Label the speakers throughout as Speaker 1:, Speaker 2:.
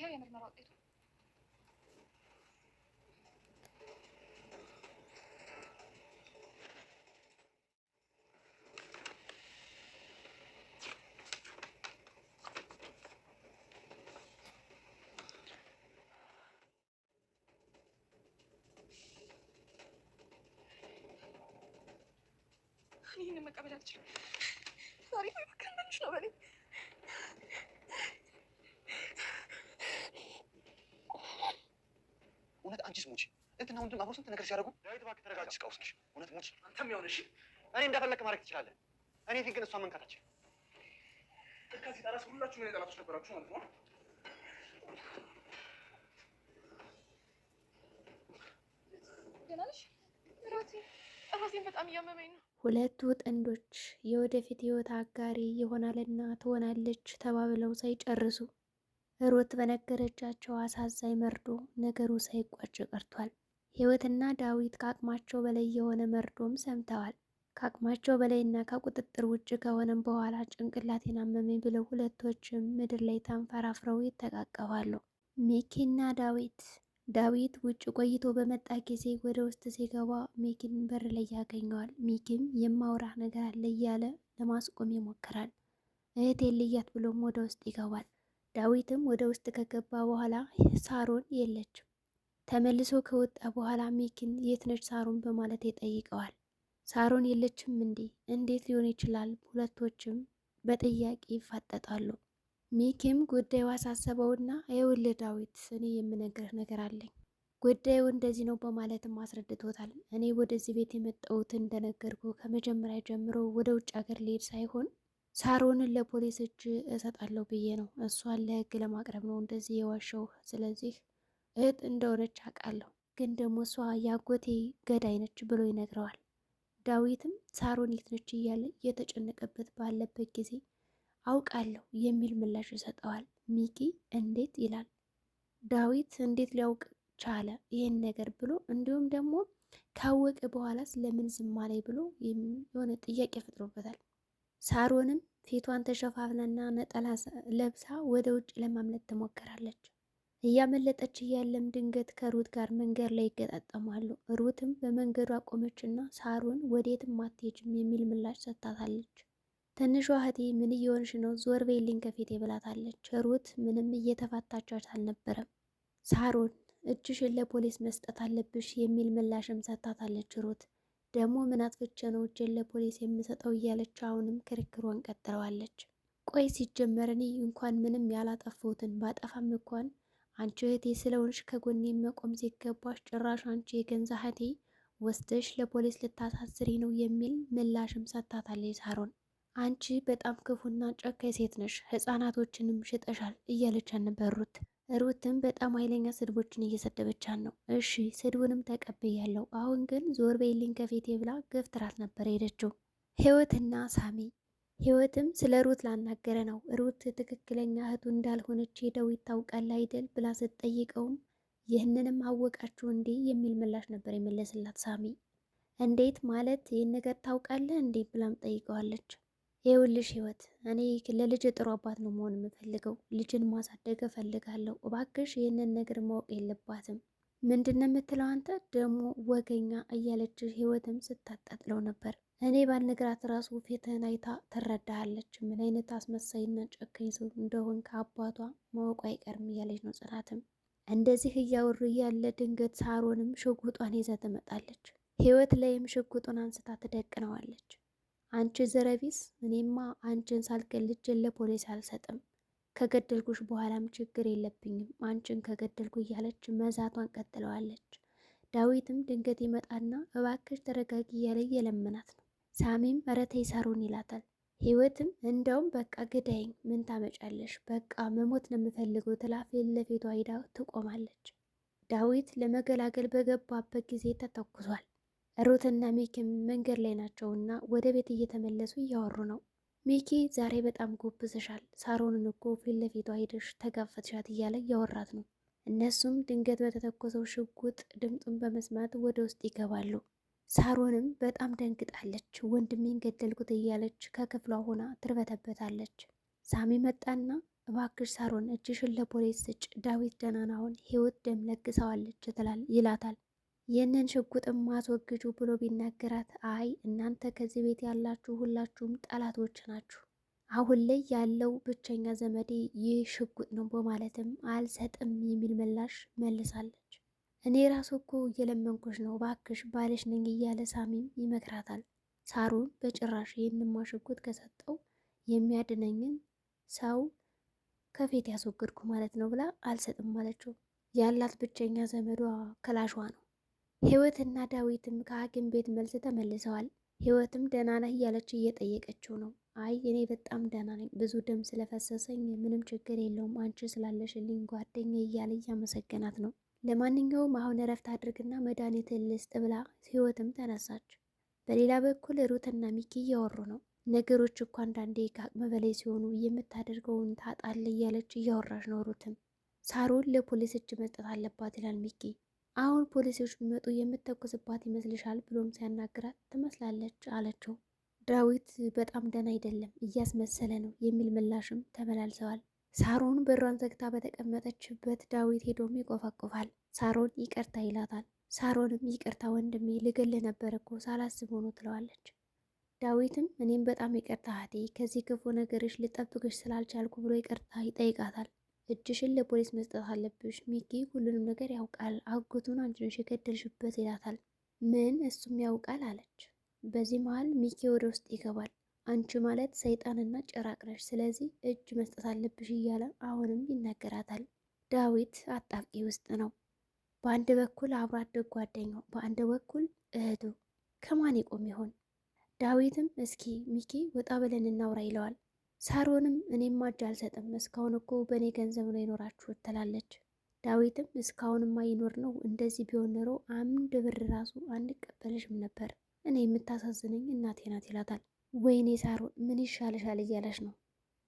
Speaker 1: કહેવાય એમ જ મારો કર્યો ይህን መቀበል አልችልም። ዛሬ መካከል ነው በለኝ
Speaker 2: አንቺስ ሙች እህትና ወንድም አብሮ ስንት ነገር ሲያደርጉ ዳዊት እባክህ ተረጋጋ። ቀውስ ነሽ እውነት ሙች። አንተም የሆነ እሺ፣ እኔ እንዳፈለክ ማድረግ ትችላለህ። እኔ ፊት ግን እሷን መንካታችን ከዚህ ጠራስ ሁላችሁም እኔ ጠላቶች ነበራችሁ ማለት ነው።
Speaker 3: ሁለቱ ጥንዶች የወደፊት ህይወት አጋሪ ይሆናልና ትሆናለች ተባብለው ሳይጨርሱ ሩት በነገረቻቸው አሳዛኝ መርዶ ነገሩ ሳይቋጭ ቀርቷል። ህይወትና ዳዊት ከአቅማቸው በላይ የሆነ መርዶም ሰምተዋል። ከአቅማቸው በላይና ከቁጥጥር ውጭ ከሆነም በኋላ ጭንቅላቴን አመመኝ ብለው ሁለቶችም ምድር ላይ ተንፈራፍረው ይተቃቀፋሉ። ሜኪና ዳዊት ዳዊት ውጭ ቆይቶ በመጣ ጊዜ ወደ ውስጥ ሲገባ ሜኪን በር ላይ ያገኘዋል። ሜኪም የማውራህ ነገር አለ እያለ ለማስቆም ይሞክራል። እህቴን ልያት ብሎም ወደ ውስጥ ይገባል። ዳዊትም ወደ ውስጥ ከገባ በኋላ ሳሮን የለችም። ተመልሶ ከወጣ በኋላ ሚኪን የት ነች ሳሮን በማለት ይጠይቀዋል። ሳሮን የለችም እንዴ? እንዴት ሊሆን ይችላል? ሁለቶችም በጥያቄ ይፋጠጣሉ። ሚኪም ጉዳዩ አሳሰበውና የውል ዳዊት እኔ የምነግርህ ነገር አለኝ ጉዳዩ እንደዚህ ነው በማለትም አስረድቶታል። እኔ ወደዚህ ቤት የመጣሁት እንደነገርኩ ከመጀመሪያ ጀምሮ ወደ ውጭ ሀገር ልሄድ ሳይሆን ሳሮንን ለፖሊስ እጅ እሰጣለሁ ብዬ ነው። እሷን ለህግ ለማቅረብ ነው እንደዚህ የዋሸው። ስለዚህ እህት እንደሆነች አውቃለሁ፣ ግን ደግሞ እሷ ያጎቴ ገዳይ ነች ብሎ ይነግረዋል። ዳዊትም ሳሮን የት ነች እያለ እየተጨነቀበት ባለበት ጊዜ አውቃለሁ የሚል ምላሽ ይሰጠዋል። ሚኪ እንዴት ይላል። ዳዊት እንዴት ሊያውቅ ቻለ ይህን ነገር ብሎ እንዲሁም ደግሞ ካወቀ በኋላስ ለምን ዝም አለኝ ብሎ የሆነ ጥያቄ ፈጥሮበታል። ሳሮንም ፊቷን ተሸፋፍናና ነጠላ ለብሳ ወደ ውጭ ለማምለጥ ትሞክራለች። እያመለጠች እያለም ድንገት ከሩት ጋር መንገድ ላይ ይገጣጠማሉ። ሩትም በመንገዱ አቆመችና ሳሮን ወዴትም አትሄጂም የሚል ምላሽ ሰጥታታለች። ትንሿ እህቴ ምን እየሆንሽ ነው? ዞር በይልኝ ከፊቴ ብላታለች። ሩት ምንም እየተፋታቻት አልነበረም። ሳሮን እጅሽን ለፖሊስ መስጠት አለብሽ የሚል ምላሽም ሰጥታታለች ሩት ደግሞ ምን አጥፍቼ ነው እጄን ለፖሊስ የምሰጠው እያለች አሁንም ክርክሯን ቀጥለዋለች። ቆይ ሲጀመር እኔ እንኳን ምንም ያላጠፋሁትን ባጠፋም እንኳን አንቺ እህቴ ስለሆንሽ ከጎኔ መቆም ሲገባሽ ጭራሽ አንቺ የገንዛ እህቴ ወስደሽ ለፖሊስ ልታሳስሪ ነው የሚል ምላሽም ሰጥታታለች ሳሮን። አንቺ በጣም ክፉና ጨካኝ ሴት ነሽ፣ ህፃናቶችንም ሽጠሻል እያለች አንበሩት ሩትም በጣም ኃይለኛ ስድቦችን እየሰደበቻን ነው። እሺ ስድቡንም ተቀብያለሁ። አሁን ግን ዞር በይልኝ ከፊቴ ብላ ገፍትራት ነበር ሄደችው። ህይወትና ሳሚ ህይወትም ስለ ሩት ላናገረ ነው። ሩት ትክክለኛ እህቱ እንዳልሆነች ሄደው ይታውቃል አይደል ብላ ስትጠይቀውም ይህንንም አወቃችሁ እንዴ የሚል ምላሽ ነበር የመለስላት ሳሚ። እንዴት ማለት ይህን ነገር ታውቃለህ እንዴ ብላም ጠይቀዋለች። የውልሽ ህይወት እኔ ለልጅ ጥሩ አባት ነው መሆን የምፈልገው። ልጅን ማሳደግ እፈልጋለሁ። እባክሽ ይህንን ነገር ማወቅ የለባትም። ምንድን ነው የምትለው አንተ ደግሞ ወገኛ እያለች ህይወትም ስታጣጥለው ነበር። እኔ ባልነግራት ራሱ ፊትህን አይታ ትረዳሃለች። ምን አይነት አስመሳይና ጨካኝ ሰው እንደሆን ከአባቷ ማወቁ አይቀርም እያለች ነው ጽናትም። እንደዚህ እያወሩ እያለ ድንገት ሳሮንም ሽጉጧን ይዛ ትመጣለች። ህይወት ላይም ሽጉጡን አንስታ ትደቅነዋለች። አንቺ ዘረቢስ፣ እኔማ አንቺን ሳልገል ልጄን ለፖሊስ አልሰጥም። ከገደልኩሽ በኋላም ችግር የለብኝም አንቺን ከገደልኩ እያለች መዛቷን ቀጥለዋለች። ዳዊትም ድንገት ይመጣና እባክሽ ተረጋጊ እያለ እየለመናት ነው። ሳሚም ኧረ ተይ ሳሩን ይላታል። ህይወትም እንደውም በቃ ግዳይኝ ምን ታመጫለሽ? በቃ መሞት ነው የምፈልገው ትላ ፊት ለፊቷ ሂዳ ትቆማለች። ዳዊት ለመገላገል በገባበት ጊዜ ተተኩሷል። ሩትና ሚኪ መንገድ ላይ ናቸውና ወደ ቤት እየተመለሱ እያወሩ ነው። ሚኪ ዛሬ በጣም ጎብዘሻል፣ ሳሮንን እኮ ፊት ለፊቷ ሄደሽ ተጋፈትሻት እያለ እያወራት ነው። እነሱም ድንገት በተተኮሰው ሽጉጥ ድምጡን በመስማት ወደ ውስጥ ይገባሉ። ሳሮንም በጣም ደንግጣለች። ወንድሜን ገደልኩት እያለች ከክፍሏ ሆና ትርበተበታለች። ሳሚ መጣና እባክሽ ሳሮን እጅሽን ለፖሊስ ስጭ፣ ዳዊት ደህና ናሆን ህይወት ደም ለግሰዋለች ይላታል። ይህንን ሽጉጥም ማስወግጁ ብሎ ቢናገራት አይ እናንተ ከዚህ ቤት ያላችሁ ሁላችሁም ጠላቶች ናችሁ፣ አሁን ላይ ያለው ብቸኛ ዘመዴ ይህ ሽጉጥ ነው በማለትም አልሰጥም የሚል ምላሽ መልሳለች። እኔ ራሱ እኮ እየለመንኩሽ ነው ባክሽ ባልሽ ነኝ እያለ ሳሚም ይመክራታል። ሳሩን በጭራሽ ይህንማ ሽጉጥ ከሰጠው የሚያድነኝን ሰው ከፊት ያስወገድኩ ማለት ነው ብላ አልሰጥም አለችው። ያላት ብቸኛ ዘመዷ ክላሿ ነው። ህይወትና ዳዊትም ከሐኪም ቤት መልስ ተመልሰዋል። ህይወትም ደህና ነህ እያለች እየጠየቀችው ነው። አይ እኔ በጣም ደህና ነኝ፣ ብዙ ደም ስለፈሰሰኝ ምንም ችግር የለውም፣ አንቺ ስላለሽልኝ ጓደኛ እያለ እያመሰገናት ነው። ለማንኛውም አሁን እረፍት አድርግና መድኃኒት ልስጥ ብላ ህይወትም ተነሳች። በሌላ በኩል ሩትና ሚኪ እያወሩ ነው። ነገሮች እኮ አንዳንዴ ከአቅም በላይ ሲሆኑ የምታደርገውን ታጣል እያለች እያወራች ነው። ሩትም ሳሩን ለፖሊስ እጅ መስጠት አለባት ይላል ሚኪ አሁን ፖሊሶች ቢመጡ የምተኩስባት ይመስልሻል? ብሎም ሲያናግራት ትመስላለች አለችው። ዳዊት በጣም ደህና አይደለም እያስመሰለ ነው የሚል ምላሽም ተመላልሰዋል። ሳሮን በሯን ዘግታ በተቀመጠችበት ዳዊት ሄዶም ይቆፋቆፋል። ሳሮን ይቅርታ ይላታል። ሳሮንም ይቅርታ ወንድሜ ልገል ነበር እኮ ሳላስብ ሆኖ ትለዋለች። ዳዊትም እኔም በጣም ይቅርታ እህቴ ከዚህ ክፉ ነገርሽ ልጠብቅሽ ስላልቻልኩ ብሎ ይቅርታ ይጠይቃታል። እጅሽን ለፖሊስ መስጠት አለብሽ። ሚኪ ሁሉንም ነገር ያውቃል። አጎቱን አንቺ ነሽ የገደልሽበት ይላታል። ምን እሱም ያውቃል አለች። በዚህ መሀል ሚኪ ወደ ውስጥ ይገባል። አንቺ ማለት ሰይጣንና ጭራቅ ነሽ፣ ስለዚህ እጅ መስጠት አለብሽ እያለ አሁንም ይናገራታል። ዳዊት አጣብቂ ውስጥ ነው። በአንድ በኩል አብሮ አደግ ጓደኛው፣ በአንድ በኩል እህቱ ከማን ይቆም ይሆን? ዳዊትም እስኪ ሚኪ ወጣ ብለን እናውራ ይለዋል። ሳሮንም እኔም እጅ አልሰጥም እስካሁን እኮ በእኔ ገንዘብ ነው የኖራችሁ ትላለች። ዳዊትም እስካሁንማ ይኖር ነው እንደዚህ ቢሆን ኖሮ አንድ ብር ራሱ አንቀበልሽም ነበር እኔ የምታሳዝነኝ እናቴ ናት ይላታል። ወይኔ ሳሮን ምን ይሻልሻል እያለች ነው።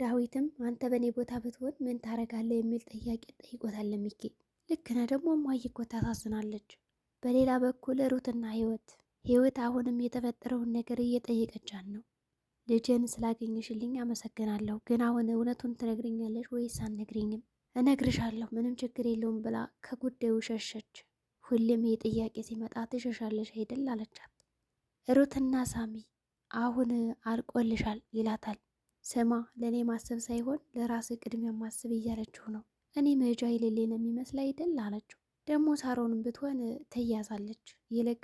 Speaker 3: ዳዊትም አንተ በእኔ ቦታ ብትሆን ምን ታረጋለህ የሚል ጥያቄ ጠይቆታል። ለሚኪ ልክ ነህ ደግሞ እማዬ እኮ ታሳዝናለች። በሌላ በኩል ሩትና ህይወት ህይወት አሁንም የተፈጠረውን ነገር እየጠየቀቻን ነው። ልጄን ስላገኘሽልኝ አመሰግናለሁ። ግን አሁን እውነቱን ትነግርኛለሽ ወይስ አትነግሪኝም? እነግርሻለሁ፣ ምንም ችግር የለውም ብላ ከጉዳዩ ሸሸች። ሁሌም ይህ ጥያቄ ሲመጣ ትሸሻለሽ አይደል አለቻት። ሩትና ሳሚ አሁን አልቆልሻል ይላታል። ስማ ለእኔ ማሰብ ሳይሆን ለራስ ቅድሚያ ማስብ እያለችው ነው። እኔ መጃ የሌሌ ነው የሚመስል አይደል አለችው። ደግሞ ሳሮንም ብትሆን ትያዛለች፣ ይልቅ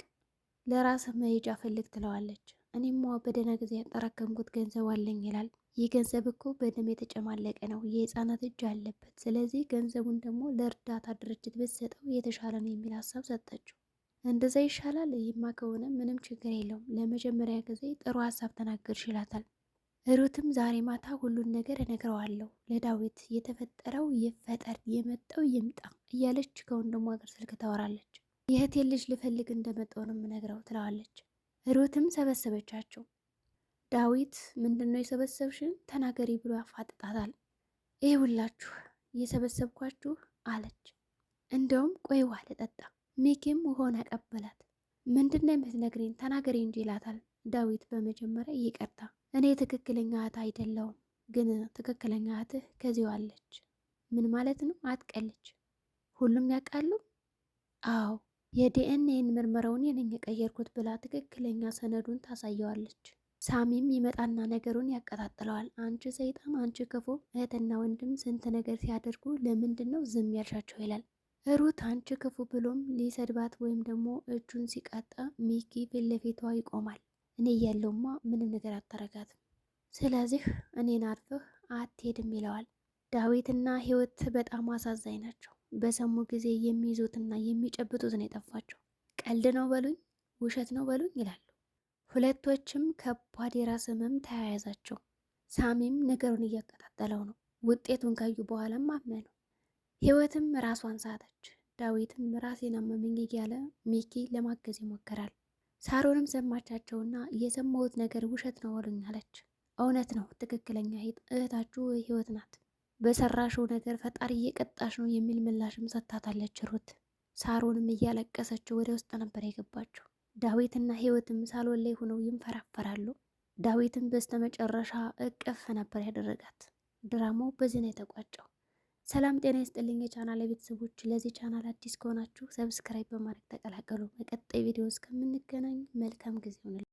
Speaker 3: ለራስ መሄጃ ፈልግ ትለዋለች። እኔማ በደህና ጊዜ ያጠራከምኩት ገንዘብ አለኝ ይላል። ይህ ገንዘብ እኮ በደም የተጨማለቀ ነው፣ የህፃናት እጅ አለበት። ስለዚህ ገንዘቡን ደግሞ ለእርዳታ ድርጅት ብትሰጠው የተሻለ ነው የሚል ሀሳብ ሰጠችው። እንደዛ ይሻላል፣ ይህማ ከሆነ ምንም ችግር የለውም። ለመጀመሪያ ጊዜ ጥሩ ሀሳብ ተናገርሽ ይላታል። ሩትም ዛሬ ማታ ሁሉን ነገር እነግረዋለሁ ለዳዊት፣ የተፈጠረው ይፈጠር፣ የመጣው ይምጣ እያለች ከወንድሟ ጋር ስልክ ታወራለች። የእህቴን ልጅ ልፈልግ እንደመጣሁ ነው የምነግረው ትለዋለች። ሩትም ሰበሰበቻቸው። ዳዊት ምንድን ነው የሰበሰብሽን ተናገሪ ብሎ ያፋጥጣታል። ይህ ሁላችሁ እየሰበሰብኳችሁ አለች። እንደውም ቆይ ውሃ ልጠጣ። ሚኪም ውሆን ያቀበላት። ምንድን ነው የምትነግሪኝ ተናገሪ እንጂ ይላታል ዳዊት። በመጀመሪያ ይቅርታ እኔ ትክክለኛ እህት አይደለውም፣ ግን ትክክለኛ እህትህ ከዚው አለች። ምን ማለት ነው? አትቀልች። ሁሉም ያውቃሉ። አዎ የዲኤንኤን ምርመራውን የነኝ የቀየርኩት ብላ ትክክለኛ ሰነዱን ታሳየዋለች። ሳሚም ይመጣና ነገሩን ያቀጣጥለዋል። አንቺ ሰይጣን፣ አንቺ ክፉ እህትና ወንድም ስንት ነገር ሲያደርጉ ለምንድን ነው ዝም ያልሻቸው? ይላል ሩት አንቺ ክፉ ብሎም ሊሰድባት ወይም ደግሞ እጁን ሲቃጣ ሚኪ ፊት ለፊቷ ይቆማል። እኔ እያለውማ ምንም ነገር አታረጋትም፣ ስለዚህ እኔን አርፈህ አትሄድም ይለዋል። ዳዊትና ህይወት በጣም አሳዛኝ ናቸው። በሰሙ ጊዜ የሚይዙትና የሚጨብጡት ነው የጠፋቸው። ቀልድ ነው በሉኝ፣ ውሸት ነው በሉኝ ይላሉ። ሁለቶችም ከባድ የራስ ህመም ተያያዛቸው። ሳሚም ነገሩን እያቀጣጠለው ነው። ውጤቱን ካዩ በኋላም አመኑ። ህይወትም ራሷን ሳተች። ዳዊትም ራሴን አመመኝ እያለ ሚኪ ለማገዝ ይሞክራል። ሳሮንም ሰማቻቸውና የሰማሁት ነገር ውሸት ነው በሉኝ አለች። እውነት ነው፣ ትክክለኛ እህታችሁ ህይወት ናት። በሰራሽው ነገር ፈጣሪ እየቀጣሽ ነው የሚል ምላሽም ሰጥታታለች ሩት። ሳሮንም እያለቀሰችው ወደ ውስጥ ነበር የገባችው። ዳዊትና ህይወትም ሳሎን ላይ ሆነው ይንፈራፈራሉ። ዳዊትም በስተመጨረሻ እቅፍ ነበር ያደረጋት። ድራማው በዚህ ነው የተቋጨው። ሰላም ጤና ይስጥልኝ የቻናል ቤተሰቦች፣ ለዚህ ቻናል አዲስ ከሆናችሁ ሰብስክራይብ በማድረግ ተቀላቀሉ። በቀጣይ ቪዲዮ እስከምንገናኝ መልካም ጊዜ ሆነ።